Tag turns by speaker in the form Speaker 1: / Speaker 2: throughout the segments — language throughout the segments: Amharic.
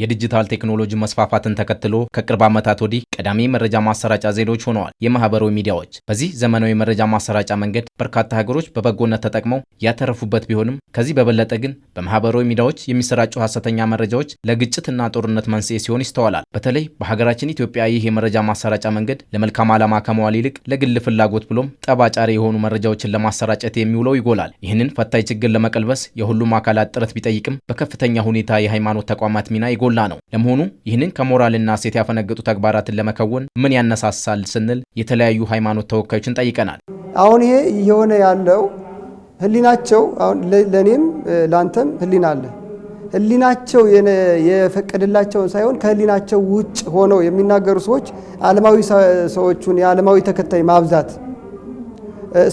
Speaker 1: የዲጂታል ቴክኖሎጂ መስፋፋትን ተከትሎ ከቅርብ ዓመታት ወዲህ ቀዳሚ መረጃ ማሰራጫ ዜሎች ሆነዋል የማህበራዊ ሚዲያዎች። በዚህ ዘመናዊ መረጃ ማሰራጫ መንገድ በርካታ ሀገሮች በበጎነት ተጠቅመው ያተረፉበት ቢሆንም ከዚህ በበለጠ ግን በማህበራዊ ሚዲያዎች የሚሰራጩ ሀሰተኛ መረጃዎች ለግጭትና ጦርነት መንስኤ ሲሆን ይስተዋላል። በተለይ በሀገራችን ኢትዮጵያ ይህ የመረጃ ማሰራጫ መንገድ ለመልካም ዓላማ ከመዋል ይልቅ ለግል ፍላጎት ብሎም ጠባጫሪ የሆኑ መረጃዎችን ለማሰራጨት የሚውለው ይጎላል። ይህንን ፈታኝ ችግር ለመቀልበስ የሁሉም አካላት ጥረት ቢጠይቅም በከፍተኛ ሁኔታ የሃይማኖት ተቋማት ሚና ይጎላል። የጎላ ነው። ለመሆኑ ይህንን ከሞራልና ሴት ያፈነገጡ ተግባራትን ለመከወን ምን ያነሳሳል ስንል የተለያዩ ሃይማኖት ተወካዮችን ጠይቀናል።
Speaker 2: አሁን ይሄ እየሆነ ያለው ህሊናቸው አሁን ለእኔም ለአንተም ህሊና አለ። ህሊናቸው የፈቀደላቸውን ሳይሆን ከህሊናቸው ውጭ ሆነው የሚናገሩ ሰዎች ዓለማዊ ሰዎቹን የዓለማዊ ተከታይ ማብዛት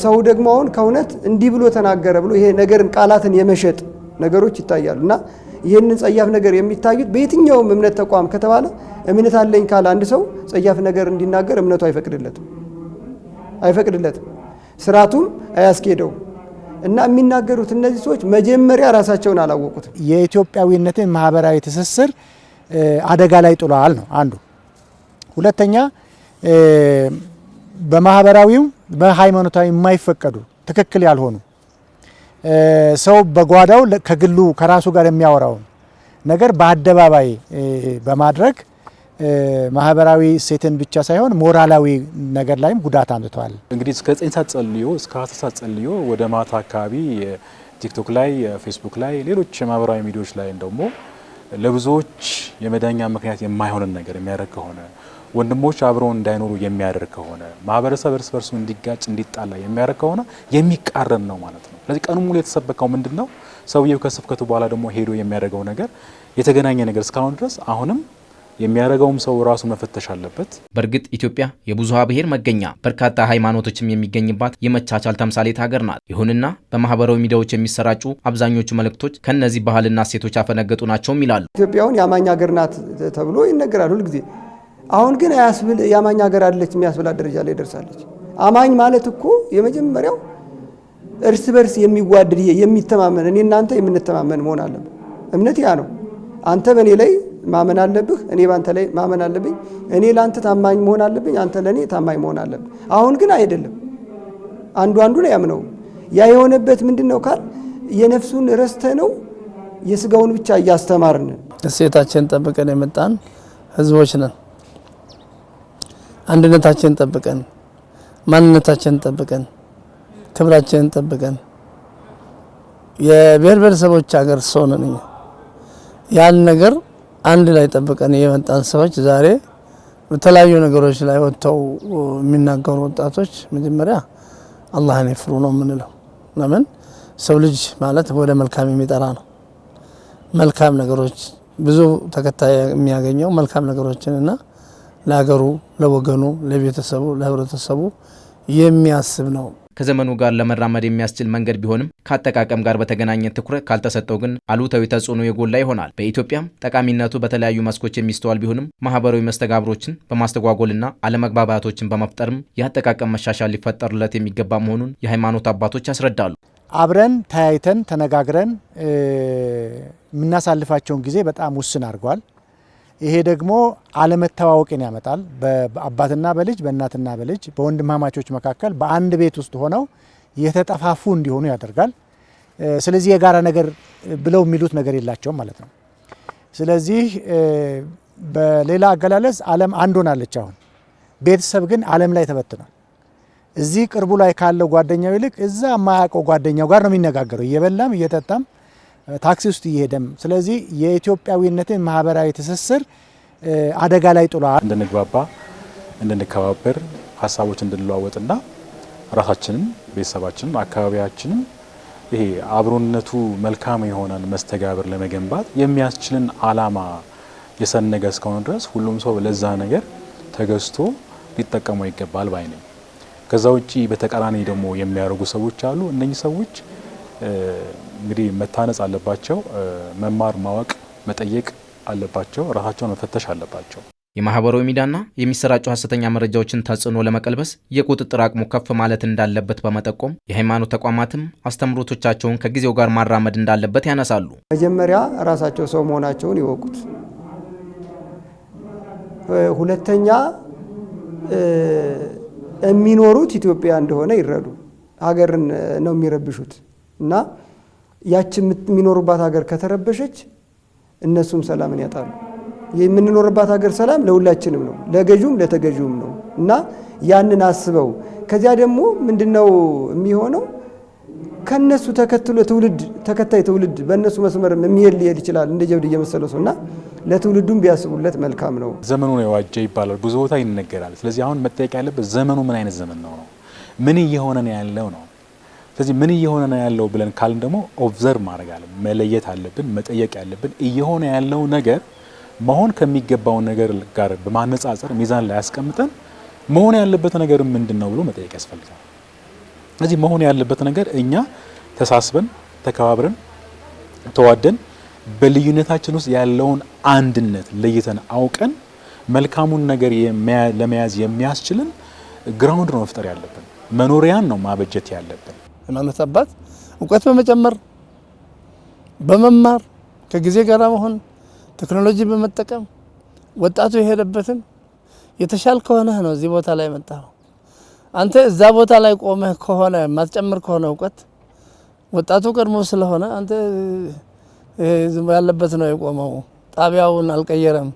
Speaker 2: ሰው ደግሞ አሁን ከእውነት እንዲህ ብሎ ተናገረ ብሎ ይሄ ነገርን ቃላትን የመሸጥ ነገሮች ይታያሉ እና ይህንን ጸያፍ ነገር የሚታዩት በየትኛውም እምነት ተቋም ከተባለ እምነት አለኝ ካለ አንድ ሰው ጸያፍ ነገር እንዲናገር እምነቱ አይፈቅድለትም አይፈቅድለትም፣ ስርዓቱም አያስኬደውም። እና የሚናገሩት እነዚህ ሰዎች መጀመሪያ ራሳቸውን አላወቁትም።
Speaker 3: የኢትዮጵያዊነትን ማህበራዊ ትስስር አደጋ ላይ ጥሏል ነው አንዱ። ሁለተኛ በማህበራዊው በሃይማኖታዊ የማይፈቀዱ ትክክል ያልሆኑ ሰው በጓዳው ከግሉ ከራሱ ጋር የሚያወራውን ነገር በአደባባይ በማድረግ ማህበራዊ እሴትን ብቻ ሳይሆን ሞራላዊ ነገር ላይም ጉዳት አምጥቷል።
Speaker 4: እንግዲህ እስከ ዘጠኝ ሰዓት ጸልዮ እስከ አስር ሰዓት ጸልዮ ወደ ማታ አካባቢ ቲክቶክ ላይ፣ ፌስቡክ ላይ፣ ሌሎች ማህበራዊ ሚዲያዎች ላይ ደግሞ ለብዙዎች የመዳኛ ምክንያት የማይሆንን ነገር የሚያደርግ ከሆነ ወንድሞች አብረው እንዳይኖሩ የሚያደርግ ከሆነ ማህበረሰብ እርስ በርሱ እንዲጋጭ እንዲጣላ የሚያደርግ ከሆነ የሚቃረን ነው ማለት ነው። ስለዚህ ቀኑ ሙሉ የተሰበከው ምንድን ነው? ሰውየው ከስብከቱ በኋላ ደግሞ ሄዶ የሚያደርገው ነገር የተገናኘ ነገር እስካሁን ድረስ አሁንም የሚያደርገውም ሰው ራሱ መፈተሽ አለበት።
Speaker 1: በእርግጥ ኢትዮጵያ የብዙሃ ብሔር መገኛ በርካታ ሃይማኖቶችም የሚገኝባት የመቻቻል ተምሳሌት ሀገር ናት። ይሁንና በማህበራዊ ሚዲያዎች የሚሰራጩ አብዛኞቹ መልእክቶች ከእነዚህ ባህልና እሴቶች ያፈነገጡ ናቸውም ይላሉ።
Speaker 2: ኢትዮጵያውን የአማኝ ሀገር ናት ተብሎ ይነገራል ሁልጊዜ አሁን ግን አያስብል የአማኝ ሀገር አለች የሚያስብላ ደረጃ ላይ ደርሳለች። አማኝ ማለት እኮ የመጀመሪያው እርስ በርስ የሚዋደድ የሚተማመን እኔ እናንተ የምንተማመን መሆን አለብን። እምነት ያ ነው። አንተ በእኔ ላይ ማመን አለብህ፣ እኔ በአንተ ላይ ማመን አለብኝ። እኔ ለአንተ ታማኝ መሆን አለብኝ፣ አንተ ለእኔ ታማኝ መሆን አለብህ። አሁን ግን አይደለም። አንዱ አንዱ ላይ ያምነው ያ የሆነበት ምንድን ነው ካል የነፍሱን ረስተ ነው የስጋውን ብቻ እያስተማርን
Speaker 5: እሴታችን ጠብቀን የመጣን ህዝቦች ነን። አንድነታችንን ጠብቀን ማንነታችንን ጠብቀን ክብራችንን ጠብቀን የብሔር ብሔረሰቦች ሀገር ሰው ያን ነገር አንድ ላይ ጠብቀን የመጣን ሰዎች ዛሬ በተለያዩ ነገሮች ላይ ወጥተው የሚናገሩ ወጣቶች መጀመሪያ አላህን ይፍሩ ነው የምንለው። ለምን ሰው ልጅ ማለት ወደ መልካም የሚጠራ ነው። መልካም ነገሮች ብዙ ተከታይ የሚያገኘው መልካም ነገሮችን እና ለሀገሩ፣ ለወገኑ፣ ለቤተሰቡ፣ ለህብረተሰቡ የሚያስብ ነው።
Speaker 1: ከዘመኑ ጋር ለመራመድ የሚያስችል መንገድ ቢሆንም ከአጠቃቀም ጋር በተገናኘ ትኩረት ካልተሰጠው ግን አሉታዊ ተጽዕኖ የጎላ ይሆናል። በኢትዮጵያም ጠቃሚነቱ በተለያዩ መስኮች የሚስተዋል ቢሆንም ማህበራዊ መስተጋብሮችን በማስተጓጎልና አለመግባባቶችን በመፍጠርም የአጠቃቀም መሻሻል ሊፈጠርለት የሚገባ መሆኑን የሃይማኖት አባቶች ያስረዳሉ።
Speaker 3: አብረን ተያይተን ተነጋግረን የምናሳልፋቸውን ጊዜ በጣም ውስን አድርጓል። ይሄ ደግሞ አለመተዋወቅን ያመጣል። በአባትና በልጅ በእናትና በልጅ በወንድማማቾች መካከል በአንድ ቤት ውስጥ ሆነው የተጠፋፉ እንዲሆኑ ያደርጋል። ስለዚህ የጋራ ነገር ብለው የሚሉት ነገር የላቸውም ማለት ነው። ስለዚህ በሌላ አገላለጽ ዓለም አንድ ሆናለች። አሁን ቤተሰብ ግን ዓለም ላይ ተበትኗል። እዚህ ቅርቡ ላይ ካለው ጓደኛው ይልቅ እዛ የማያውቀው ጓደኛው ጋር ነው የሚነጋገረው፣ እየበላም እየጠጣም ታክሲ ውስጥ እየሄደም። ስለዚህ የኢትዮጵያዊነትን ማህበራዊ ትስስር አደጋ ላይ ጥሏል።
Speaker 4: እንድንግባባ፣ እንድንከባበር፣ ሀሳቦች እንድንለዋወጥና ራሳችንን፣ ቤተሰባችንን፣ አካባቢያችንን ይሄ አብሮነቱ መልካም የሆነን መስተጋብር ለመገንባት የሚያስችልን አላማ የሰነገ እስከሆነ ድረስ ሁሉም ሰው ለዛ ነገር ተገዝቶ ሊጠቀመው ይገባል ባይ ነኝ። ከዛ ውጪ በተቃራኒ ደግሞ የሚያደርጉ ሰዎች አሉ። እነኚህ ሰዎች እንግዲህ መታነጽ አለባቸው። መማር፣ ማወቅ፣ መጠየቅ አለባቸው። ራሳቸውን መፈተሽ አለባቸው።
Speaker 1: የማህበራዊ ሚዲያና የሚሰራጩ ሀሰተኛ መረጃዎችን ተጽዕኖ ለመቀልበስ የቁጥጥር አቅሙ ከፍ ማለት እንዳለበት በመጠቆም የሃይማኖት ተቋማትም አስተምሮቶቻቸውን ከጊዜው ጋር ማራመድ እንዳለበት ያነሳሉ።
Speaker 2: መጀመሪያ ራሳቸው ሰው መሆናቸውን ይወቁት። ሁለተኛ የሚኖሩት ኢትዮጵያ እንደሆነ ይረዱ። ሀገርን ነው የሚረብሹት። እና ያች የሚኖሩባት ሀገር ከተረበሸች እነሱም ሰላምን ያጣሉ። የምንኖርባት ሀገር ሰላም ለሁላችንም ነው፣ ለገዥውም ለተገዥውም ነው እና ያንን አስበው ከዚያ ደግሞ ምንድነው የሚሆነው? ከነሱ ተከትሎ ትውልድ ተከታይ ትውልድ በእነሱ መስመር የሚሄድ ሊሄድ ይችላል እንደ ጀብድ እየመሰለው ሰው እና ለትውልዱም ቢያስቡለት መልካም ነው።
Speaker 6: ዘመኑን የዋጀ ይባላል፣ ብዙ ቦታ ይነገራል። ስለዚህ አሁን መጠየቅ ያለበት ዘመኑ ምን አይነት ዘመን ነው ነው ምን እየሆነን ያለው ነው ስለዚህ ምን እየሆነ ነው ያለው ብለን ካልን ደግሞ ኦብዘርቭ ማድረግ አለ መለየት አለብን፣ መጠየቅ ያለብን እየሆነ ያለው ነገር መሆን ከሚገባው ነገር ጋር በማነጻጸር ሚዛን ላይ ያስቀምጠን መሆን ያለበት ነገር ምንድን ነው ብሎ መጠየቅ ያስፈልጋል። ስለዚህ መሆን ያለበት ነገር እኛ ተሳስበን ተከባብረን ተዋደን በልዩነታችን ውስጥ ያለውን አንድነት ለይተን አውቀን መልካሙን ነገር ለመያዝ የሚያስችልን ግራውንድ ነው መፍጠር ያለብን። መኖሪያን ነው ማበጀት ያለብን።
Speaker 7: ሃይማኖት አባት እውቀት በመጨመር በመማር ከጊዜ ጋር መሆን ቴክኖሎጂ በመጠቀም ወጣቱ የሄደበትን የተሻል ከሆነህ ነው እዚህ ቦታ ላይ መጣኸው። አንተ እዛ ቦታ ላይ ቆመህ ከሆነ የማትጨምር ከሆነ እውቀት ወጣቱ ቀድሞ ስለሆነ አንተ ያለበት ነው የቆመው። ጣቢያውን አልቀየረም።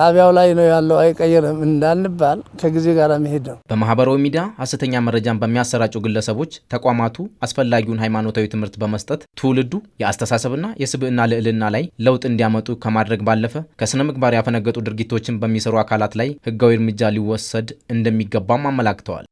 Speaker 7: ጣቢያው ላይ ነው ያለው፣ አይቀይርም እንዳንባል ከጊዜ ጋር መሄድ ነው።
Speaker 1: በማህበራዊ ሚዲያ ሀሰተኛ መረጃን በሚያሰራጩ ግለሰቦች ተቋማቱ አስፈላጊውን ሃይማኖታዊ ትምህርት በመስጠት ትውልዱ የአስተሳሰብና የስብዕና ልዕልና ላይ ለውጥ እንዲያመጡ ከማድረግ ባለፈ ከስነ ምግባር ያፈነገጡ ድርጊቶችን በሚሰሩ አካላት ላይ ህጋዊ እርምጃ ሊወሰድ እንደሚገባም አመላክተዋል።